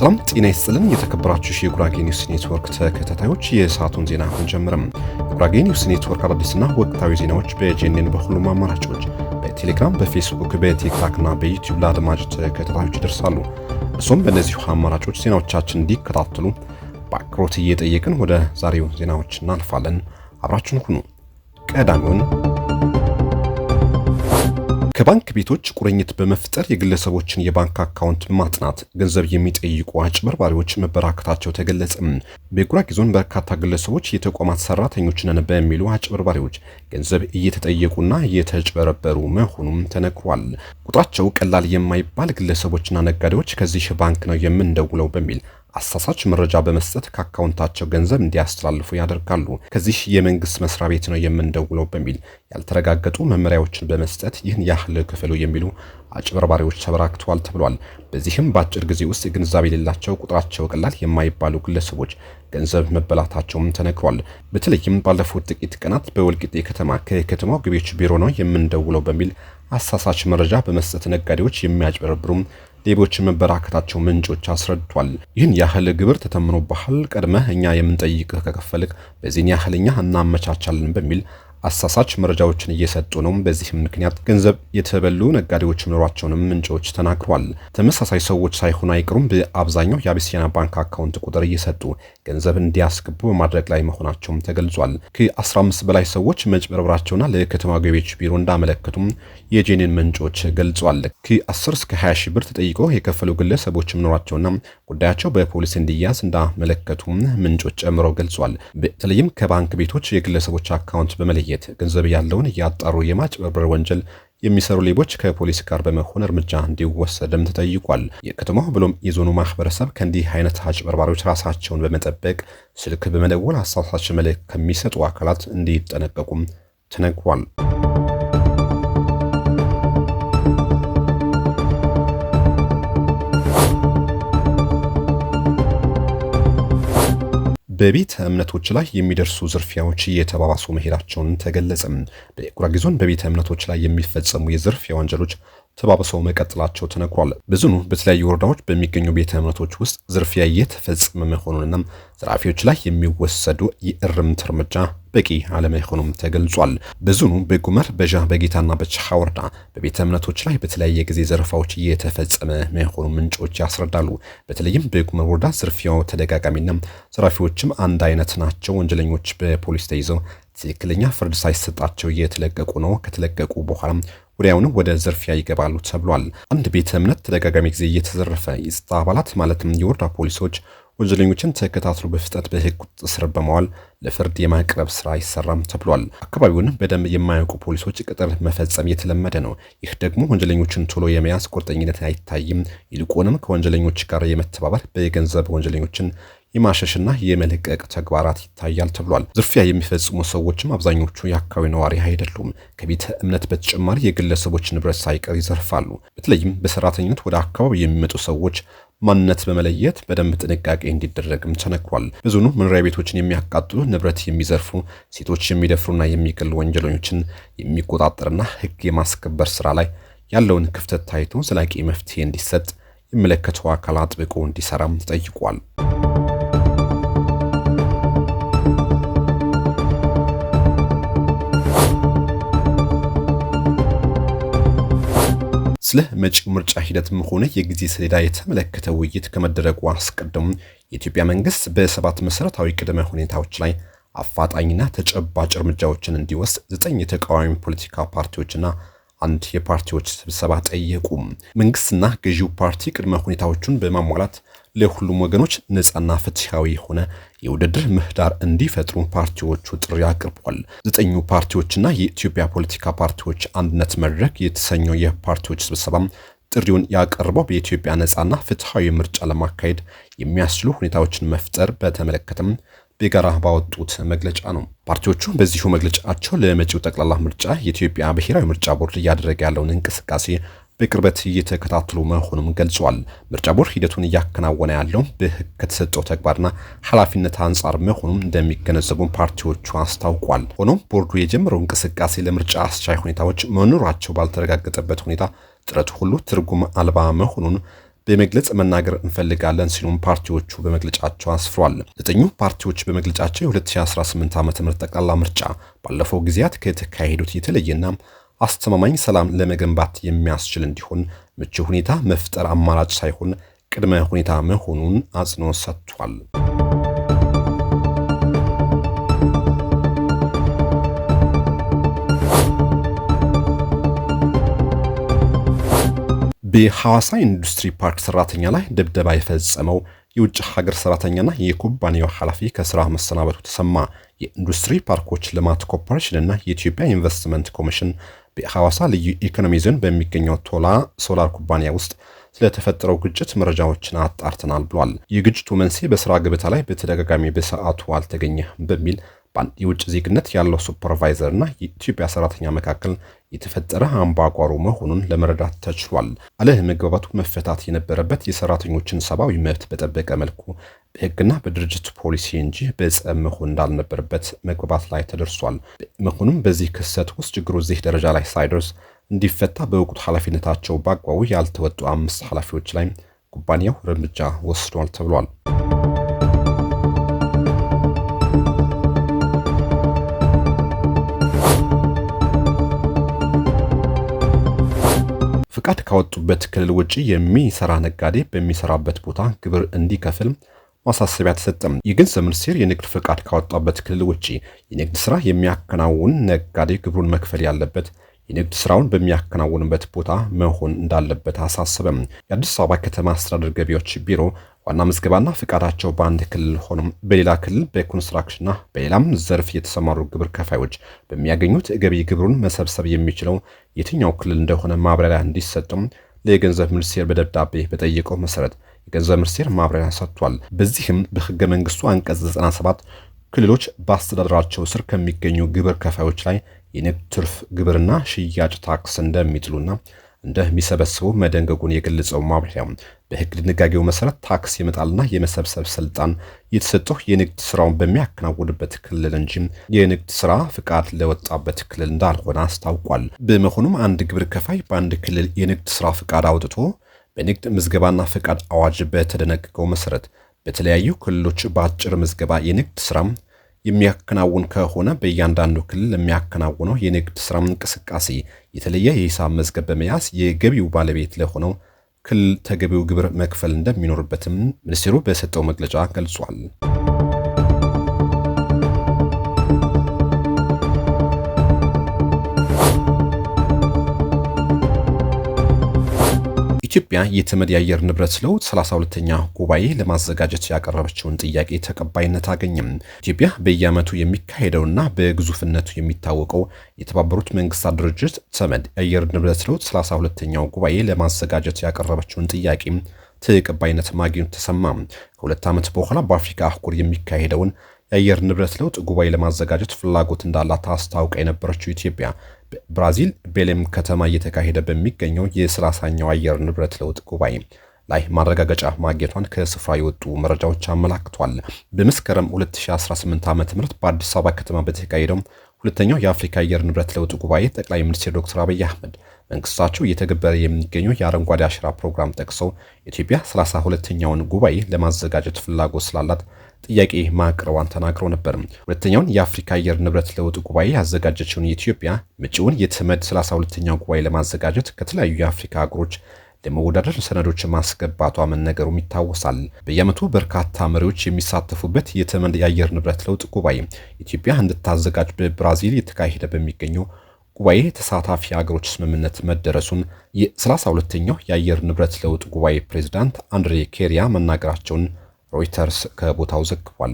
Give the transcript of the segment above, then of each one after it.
ሰላም ጤና ይስጥልን። የተከበራችሁ የጉራጌ ኒውስ ኔትወርክ ተከታታዮች የሰዓቱን ዜና አሁን ጀምረም። የጉራጌ ኒውስ ኔትወርክ አዳዲስና ወቅታዊ ዜናዎች በጄኔን በሁሉም አማራጮች በቴሌግራም፣ በፌስቡክ፣ በቲክታክና በዩቲዩብ ለአድማጭ ተከታታዮች ይደርሳሉ። እሱም በእነዚሁ አማራጮች ዜናዎቻችን እንዲከታተሉ በአክብሮት እየጠየቅን ወደ ዛሬው ዜናዎች እናልፋለን። አብራችን ሁኑ። ቀዳሚውን ከባንክ ቤቶች ቁርኝት በመፍጠር የግለሰቦችን የባንክ አካውንት ማጥናት ገንዘብ የሚጠይቁ አጭበርባሪዎች መበራከታቸው ተገለጸ። በጉራጌ ዞን በርካታ ግለሰቦች የተቋማት ሰራተኞች ነን በሚሉ አጭበርባሪዎች ገንዘብ እየተጠየቁና እየተጭበረበሩ መሆኑም ተነግሯል። ቁጥራቸው ቀላል የማይባል ግለሰቦችና ነጋዴዎች ከዚህ ባንክ ነው የምንደውለው በሚል አሳሳች መረጃ በመስጠት ከአካውንታቸው ገንዘብ እንዲያስተላልፉ ያደርጋሉ። ከዚህ የመንግስት መስሪያ ቤት ነው የምንደውለው በሚል ያልተረጋገጡ መመሪያዎችን በመስጠት ይህን ያህል ክፍሉ የሚሉ አጭበርባሪዎች ተበራክተዋል ተብሏል። በዚህም በአጭር ጊዜ ውስጥ ግንዛቤ የሌላቸው ቁጥራቸው ቀላል የማይባሉ ግለሰቦች ገንዘብ መበላታቸውም ተነግሯል። በተለይም ባለፉት ጥቂት ቀናት በወልቂጤ ከተማ ከከተማው ገቢዎች ቢሮ ነው የምንደውለው በሚል አሳሳች መረጃ በመስጠት ነጋዴዎች የሚያጭበረብሩም ሌቦች መበራከታቸው ምንጮች አስረድቷል። ይህን ያህል ግብር ባህል ቀድመህ እኛ የምንጠይቅህ ከከፈልክ በዚህን ያህልኛ እናመቻቻለን በሚል አሳሳች መረጃዎችን እየሰጡ ነው። በዚህም ምክንያት ገንዘብ የተበሉ ነጋዴዎች መኖራቸውንም ምንጮች ተናግሯል። ተመሳሳይ ሰዎች ሳይሆኑ አይቀሩም በአብዛኛው የአቢሲያና ባንክ አካውንት ቁጥር እየሰጡ ገንዘብ እንዲያስገቡ በማድረግ ላይ መሆናቸውም ተገልጿል። ከ15 በላይ ሰዎች መጭበርበራቸውና ለከተማ ገቢዎች ቢሮ እንዳመለከቱም የጄኔን ምንጮች ገልጿል። ከ10 እስከ 20 ሺህ ብር ተጠይቆ የከፈሉ ግለሰቦች መኖራቸውና ጉዳያቸው በፖሊስ እንዲያዝ እንዳመለከቱም ምንጮች ጨምሮ ገልጿል። በተለይም ከባንክ ቤቶች የግለሰቦች አካውንት በመለየት ገንዘብ ያለውን እያጣሩ የማጭበርበር ወንጀል የሚሰሩ ሌቦች ከፖሊስ ጋር በመሆን እርምጃ እንዲወሰድም ተጠይቋል። የከተማው ብሎም የዞኑ ማህበረሰብ ከእንዲህ አይነት አጭበርባሪዎች ራሳቸውን በመጠበቅ ስልክ በመደወል አሳሳች መልዕክት ከሚሰጡ አካላት እንዲጠነቀቁም ተነግሯል። በቤት እምነቶች ላይ የሚደርሱ ዝርፊያዎች እየተባባሱ መሄዳቸውን ተገለጸ። በጉራጌ ዞን በቤተ እምነቶች ላይ የሚፈጸሙ የዝርፊያ ወንጀሎች ተባብሰው መቀጠላቸው ተነግሯል። በዞኑ በተለያዩ ወረዳዎች በሚገኙ ቤተ እምነቶች ውስጥ ዝርፊያ እየተፈጸመ መሆኑንና ዘራፊዎች ላይ የሚወሰዱ የእርምት እርምጃ በቂ አለመሆኑም ተገልጿል። በዞኑ በጉመር በዣ በጌታና በቻሃ ወረዳ በቤተ እምነቶች ላይ በተለያየ ጊዜ ዘረፋዎች እየተፈጸመ መሆኑ ምንጮች ያስረዳሉ። በተለይም በጉመር ወረዳ ዝርፊያው ተደጋጋሚና ዘራፊዎችም አንድ አይነት ናቸው። ወንጀለኞች በፖሊስ ተይዘው ትክክለኛ ፍርድ ሳይሰጣቸው እየተለቀቁ ነው። ከተለቀቁ በኋላም ወዲያውኑ ወደ ዝርፊያ ይገባሉ ተብሏል። አንድ ቤተ እምነት ተደጋጋሚ ጊዜ እየተዘረፈ የጸጥታ አባላት ማለትም የወረዳ ፖሊሶች ወንጀለኞችን ተከታትሎ በፍጥነት በህግ ቁጥጥር ስር በመዋል ለፍርድ የማቅረብ ስራ ይሰራም ተብሏል። አካባቢውን በደንብ የማያውቁ ፖሊሶች ቅጥር መፈጸም የተለመደ ነው። ይህ ደግሞ ወንጀለኞችን ቶሎ የመያዝ ቁርጠኝነት አይታይም። ይልቁንም ከወንጀለኞች ጋር የመተባበር በገንዘብ ወንጀለኞችን የማሸሽና የመለቀቅ ተግባራት ይታያል ተብሏል። ዝርፊያ የሚፈጽሙ ሰዎችም አብዛኞቹ የአካባቢ ነዋሪ አይደሉም። ከቤተ እምነት በተጨማሪ የግለሰቦች ንብረት ሳይቀር ይዘርፋሉ። በተለይም በሰራተኝነት ወደ አካባቢ የሚመጡ ሰዎች ማንነት በመለየት በደንብ ጥንቃቄ እንዲደረግም ተነግሯል። ብዙኑ መኖሪያ ቤቶችን የሚያቃጥሉ፣ ንብረት የሚዘርፉ፣ ሴቶች የሚደፍሩና የሚገሉ ወንጀለኞችን የሚቆጣጠርና ሕግ የማስከበር ስራ ላይ ያለውን ክፍተት ታይቶ ዘላቂ መፍትሄ እንዲሰጥ የሚመለከተው አካል አጥብቆ እንዲሰራም ተጠይቋል። ስለ መጪው ምርጫ ሂደትም ሆነ የጊዜ ሰሌዳ የተመለከተ ውይይት ከመደረጉ አስቀድሞ የኢትዮጵያ መንግስት በሰባት መሰረታዊ ቅድመ ሁኔታዎች ላይ አፋጣኝና ተጨባጭ እርምጃዎችን እንዲወስድ ዘጠኝ የተቃዋሚ ፖለቲካ ፓርቲዎችና አንድ የፓርቲዎች ስብሰባ ጠየቁ። መንግስትና ገዢው ፓርቲ ቅድመ ሁኔታዎቹን በማሟላት ለሁሉም ወገኖች ነጻና ፍትሐዊ የሆነ የውድድር ምህዳር እንዲፈጥሩ ፓርቲዎቹ ጥሪ አቅርቧል። ዘጠኙ ፓርቲዎችና የኢትዮጵያ ፖለቲካ ፓርቲዎች አንድነት መድረክ የተሰኘው የፓርቲዎች ስብሰባም ጥሪውን ያቀርበው በኢትዮጵያ ነጻና ፍትሐዊ ምርጫ ለማካሄድ የሚያስችሉ ሁኔታዎችን መፍጠር በተመለከተም በጋራ ባወጡት መግለጫ ነው። ፓርቲዎቹ በዚሁ መግለጫቸው ለመጪው ጠቅላላ ምርጫ የኢትዮጵያ ብሔራዊ ምርጫ ቦርድ እያደረገ ያለውን እንቅስቃሴ በቅርበት እየተከታተሉ መሆኑም ገልጸዋል። ምርጫ ቦርድ ሂደቱን እያከናወነ ያለው በህግ ከተሰጠው ተግባርና ኃላፊነት አንጻር መሆኑን እንደሚገነዘቡ ፓርቲዎቹ አስታውቋል። ሆኖም ቦርዱ የጀመረው እንቅስቃሴ ለምርጫ አስቻይ ሁኔታዎች መኖራቸው ባልተረጋገጠበት ሁኔታ ጥረቱ ሁሉ ትርጉም አልባ መሆኑን በመግለጽ መናገር እንፈልጋለን ሲሉም ፓርቲዎቹ በመግለጫቸው አስፍሯል። ዘጠኙ ፓርቲዎች በመግለጫቸው የ2018 ዓ.ም ጠቅላላ ምርጫ ባለፈው ጊዜያት ከተካሄዱት የተለየና አስተማማኝ ሰላም ለመገንባት የሚያስችል እንዲሆን ምቹ ሁኔታ መፍጠር አማራጭ ሳይሆን ቅድመ ሁኔታ መሆኑን አጽንኦት ሰጥቷል። በሐዋሳ ኢንዱስትሪ ፓርክ ሰራተኛ ላይ ድብደባ የፈጸመው የውጭ ሀገር ሰራተኛና የኩባንያው ኃላፊ ከስራ መሰናበቱ ተሰማ። የኢንዱስትሪ ፓርኮች ልማት ኮርፖሬሽንና የኢትዮጵያ ኢንቨስትመንት ኮሚሽን ሐዋሳ ልዩ ኢኮኖሚ ዞን በሚገኘው ቶላ ሶላር ኩባንያ ውስጥ ስለተፈጠረው ግጭት መረጃዎችን አጣርተናል ብሏል። የግጭቱ መንስኤ በስራ ገበታ ላይ በተደጋጋሚ በሰዓቱ አልተገኘ በሚል የውጭ ዜግነት ያለው ሱፐርቫይዘር የኢትዮጵያ ሰራተኛ መካከል የተፈጠረ አምባጓሮ መሆኑን ለመረዳት ተችሏል። አለመግባባቱ መፈታት የነበረበት የሰራተኞችን ሰብአዊ መብት በጠበቀ መልኩ በሕግና በድርጅት ፖሊሲ እንጂ በጸብ መሆን እንዳልነበረበት መግባባት ላይ ተደርሷል። መሆኑም በዚህ ክስተት ውስጥ ችግሩ እዚህ ደረጃ ላይ ሳይደርስ እንዲፈታ በወቅቱ ኃላፊነታቸው በአግባቡ ያልተወጡ አምስት ኃላፊዎች ላይ ኩባንያው እርምጃ ወስዷል ተብሏል። ፈቃድ ካወጡበት ክልል ውጭ የሚሰራ ነጋዴ በሚሰራበት ቦታ ግብር እንዲከፍል ማሳሰቢያ ተሰጠም። የገንዘብ ሚኒስቴር የንግድ ፈቃድ ካወጣበት ክልል ውጭ የንግድ ስራ የሚያከናውን ነጋዴ ግብሩን መክፈል ያለበት የንግድ ስራውን በሚያከናውንበት ቦታ መሆን እንዳለበት አሳሰበም። የአዲስ አበባ ከተማ አስተዳደር ገቢዎች ቢሮ ዋና ምዝገባና ፍቃዳቸው በአንድ ክልል ሆኖም በሌላ ክልል በኮንስትራክሽንና በሌላም ዘርፍ የተሰማሩ ግብር ከፋዮች በሚያገኙት ገቢ ግብሩን መሰብሰብ የሚችለው የትኛው ክልል እንደሆነ ማብራሪያ እንዲሰጥም ለገንዘብ ሚኒስቴር በደብዳቤ በጠየቀው መሰረት የገንዘብ ሚኒስቴር ማብራሪያ ሰጥቷል። በዚህም በህገ መንግስቱ አንቀጽ 97 ክልሎች በአስተዳደራቸው ስር ከሚገኙ ግብር ከፋዮች ላይ የንግድ ትርፍ ግብርና ሽያጭ ታክስ እንደሚጥሉና እንደሚሰበስቡ መደንገጉን የገለጸው ማብራሪያ በህግ ድንጋጌው መሰረት ታክስ የመጣልና የመሰብሰብ ስልጣን የተሰጠው የንግድ ስራውን በሚያከናውንበት ክልል እንጂ የንግድ ስራ ፍቃድ ለወጣበት ክልል እንዳልሆነ አስታውቋል። በመሆኑም አንድ ግብር ከፋይ በአንድ ክልል የንግድ ስራ ፍቃድ አውጥቶ በንግድ ምዝገባና ፍቃድ አዋጅ በተደነገገው መሰረት በተለያዩ ክልሎች በአጭር ምዝገባ የንግድ ስራ የሚያከናውን ከሆነ በእያንዳንዱ ክልል ለሚያከናውነው የንግድ ስራ እንቅስቃሴ የተለየ የሂሳብ መዝገብ በመያዝ የገቢው ባለቤት ለሆነው ክልል ተገቢው ግብር መክፈል እንደሚኖርበትም ሚኒስቴሩ በሰጠው መግለጫ ገልጿል። ኢትዮጵያ የተመድ የአየር ንብረት ለውጥ 32ኛ ጉባኤ ለማዘጋጀት ያቀረበችውን ጥያቄ ተቀባይነት አገኘም። ኢትዮጵያ በየዓመቱ የሚካሄደውና በግዙፍነቱ የሚታወቀው የተባበሩት መንግስታት ድርጅት ተመድ የአየር ንብረት ለውጥ 32ኛው ጉባኤ ለማዘጋጀት ያቀረበችውን ጥያቄ ተቀባይነት ማግኘቱ ተሰማ። ከሁለት ዓመት በኋላ በአፍሪካ አህጉር የሚካሄደውን የአየር ንብረት ለውጥ ጉባኤ ለማዘጋጀት ፍላጎት እንዳላት አስታውቃ የነበረችው ኢትዮጵያ ብራዚል ቤሌም ከተማ እየተካሄደ በሚገኘው የሰላሳኛው አየር ንብረት ለውጥ ጉባኤ ላይ ማረጋገጫ ማግኘቷን ከስፍራ የወጡ መረጃዎች አመላክቷል። በመስከረም 2018 ዓ ም በአዲስ አበባ ከተማ በተካሄደው ሁለተኛው የአፍሪካ አየር ንብረት ለውጥ ጉባኤ ጠቅላይ ሚኒስትር ዶክተር አብይ አህመድ መንግስታቸው እየተገበረ የሚገኘው የአረንጓዴ አሻራ ፕሮግራም ጠቅሰው ኢትዮጵያ 32ኛውን ጉባኤ ለማዘጋጀት ፍላጎት ስላላት ጥያቄ ማቅረቧን ተናግሮ ነበር። ሁለተኛውን የአፍሪካ አየር ንብረት ለውጥ ጉባኤ ያዘጋጀችውን የኢትዮጵያ መጪውን የተመድ 32ኛው ጉባኤ ለማዘጋጀት ከተለያዩ የአፍሪካ ሀገሮች ለመወዳደር ሰነዶች ማስገባቷ መነገሩም ይታወሳል። በየዓመቱ በርካታ መሪዎች የሚሳተፉበት የተመድ የአየር ንብረት ለውጥ ጉባኤ ኢትዮጵያ እንድታዘጋጅ በብራዚል የተካሄደ በሚገኘው ጉባኤ ተሳታፊ ሀገሮች ስምምነት መደረሱን የ32ኛው የአየር ንብረት ለውጥ ጉባኤ ፕሬዝዳንት አንድሬ ኬሪያ መናገራቸውን ሮይተርስ ከቦታው ዘግቧል።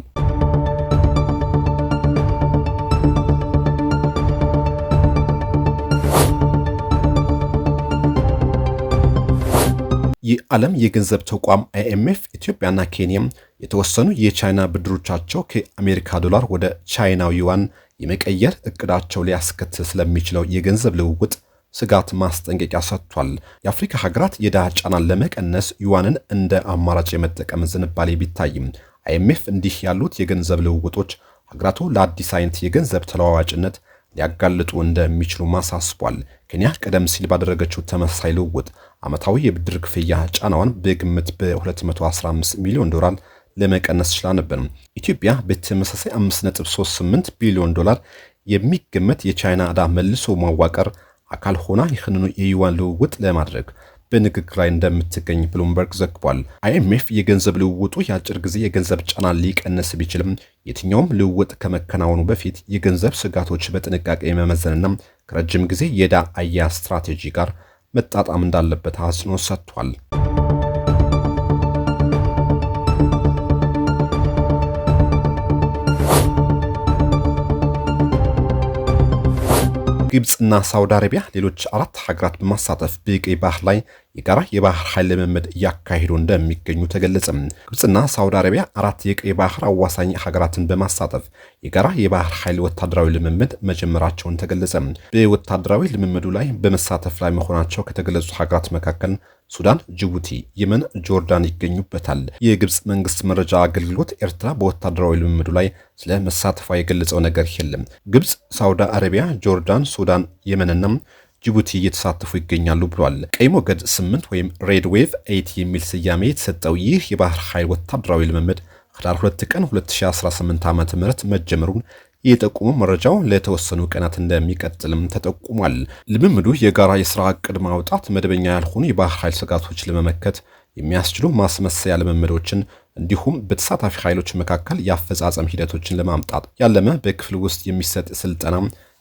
የዓለም የገንዘብ ተቋም አይኤምኤፍ ኢትዮጵያና ኬንያ የተወሰኑ የቻይና ብድሮቻቸው ከአሜሪካ ዶላር ወደ ቻይናው ዩዋን የመቀየር እቅዳቸው ሊያስከትል ስለሚችለው የገንዘብ ልውውጥ ስጋት ማስጠንቀቂያ ሰጥቷል። የአፍሪካ ሀገራት የዕዳ ጫናን ለመቀነስ ዩዋንን እንደ አማራጭ የመጠቀም ዝንባሌ ቢታይም አይኤምኤፍ እንዲህ ያሉት የገንዘብ ልውውጦች ሀገራቱ ለአዲስ አይነት የገንዘብ ተለዋዋጭነት ሊያጋልጡ እንደሚችሉ ማሳስቧል። ኬንያ ቀደም ሲል ባደረገችው ተመሳሳይ ልውውጥ ዓመታዊ የብድር ክፍያ ጫናዋን በግምት በ215 ሚሊዮን ዶላር ለመቀነስ ችላ ነበር። ኢትዮጵያ በተመሳሳይ 5.38 ቢሊዮን ዶላር የሚገመት የቻይና ዕዳ መልሶ ማዋቀር አካል ሆና ይህንኑ የዩዋን ልውውጥ ለማድረግ በንግግር ላይ እንደምትገኝ ብሉምበርግ ዘግቧል። አይኤምኤፍ የገንዘብ ልውውጡ የአጭር ጊዜ የገንዘብ ጫና ሊቀንስ ቢችልም የትኛውም ልውውጥ ከመከናወኑ በፊት የገንዘብ ስጋቶች በጥንቃቄ መመዘንና ከረጅም ጊዜ የዕዳ አያያዝ ስትራቴጂ ጋር መጣጣም እንዳለበት አጽንኦት ሰጥቷል። ግብፅና ሳውዲ አረቢያ ሌሎች አራት ሀገራት በማሳተፍ በቀይ ባህር ላይ የጋራ የባህር ኃይል ልምምድ እያካሄዱ እንደሚገኙ ተገለጸ። ግብፅና ሳውዲ አረቢያ አራት የቀይ ባህር አዋሳኝ ሀገራትን በማሳተፍ የጋራ የባህር ኃይል ወታደራዊ ልምምድ መጀመራቸውን ተገለጸ። በወታደራዊ ልምምዱ ላይ በመሳተፍ ላይ መሆናቸው ከተገለጹ ሀገራት መካከል ሱዳን፣ ጅቡቲ፣ የመን፣ ጆርዳን ይገኙበታል። የግብፅ መንግስት መረጃ አገልግሎት ኤርትራ በወታደራዊ ልምምዱ ላይ ስለ መሳተፏ የገለጸው ነገር የለም። ግብፅ፣ ሳውዲ አረቢያ፣ ጆርዳን፣ ሱዳን፣ የመንና ጅቡቲ እየተሳተፉ ይገኛሉ ብሏል። ቀይ ሞገድ 8 ወይም ሬድ ዌቭ ኤይት የሚል ስያሜ የተሰጠው ይህ የባህር ኃይል ወታደራዊ ልምምድ ህዳር 2 ቀን 2018 ዓ ም መጀመሩን የጠቁሙ መረጃው ለተወሰኑ ቀናት እንደሚቀጥልም ተጠቁሟል። ልምምዱ የጋራ የስራ እቅድ ማውጣት፣ መደበኛ ያልሆኑ የባህር ኃይል ስጋቶች ለመመከት የሚያስችሉ ማስመሰያ ልምምዶችን እንዲሁም በተሳታፊ ኃይሎች መካከል የአፈጻጸም ሂደቶችን ለማምጣት ያለመ በክፍል ውስጥ የሚሰጥ ስልጠና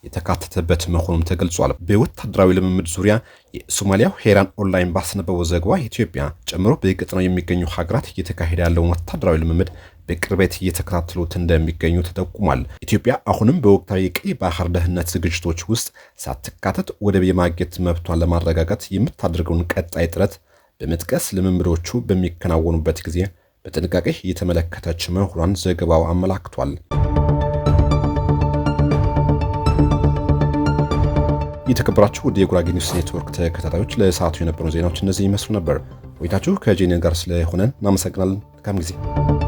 የተካተተበት መሆኑም ተገልጿል። በወታደራዊ ልምምድ ዙሪያ የሶማሊያው ሄራን ኦንላይን ባስነበበው ዘገባ ኢትዮጵያ ጨምሮ በቀጠናው የሚገኙ ሀገራት እየተካሄደ ያለውን ወታደራዊ ልምምድ በቅርበት እየተከታተሉት እንደሚገኙ ተጠቁሟል። ኢትዮጵያ አሁንም በወቅታዊ የቀይ ባህር ደህንነት ዝግጅቶች ውስጥ ሳትካተት ወደብ የማግኘት መብቷን ለማረጋገጥ የምታደርገውን ቀጣይ ጥረት በመጥቀስ ልምምዶቹ በሚከናወኑበት ጊዜ በጥንቃቄ እየተመለከተች መሆኗን ዘገባው አመላክቷል። የተከበራችሁ ወደ የጉራጌ ኒውስ ኔትወርክ ተከታታዮች ለሰዓቱ የነበሩ ዜናዎች እነዚህ ይመስሉ ነበር። ቆይታችሁ ከጄኔን ጋር ስለሆነን እናመሰግናለን። መልካም ጊዜ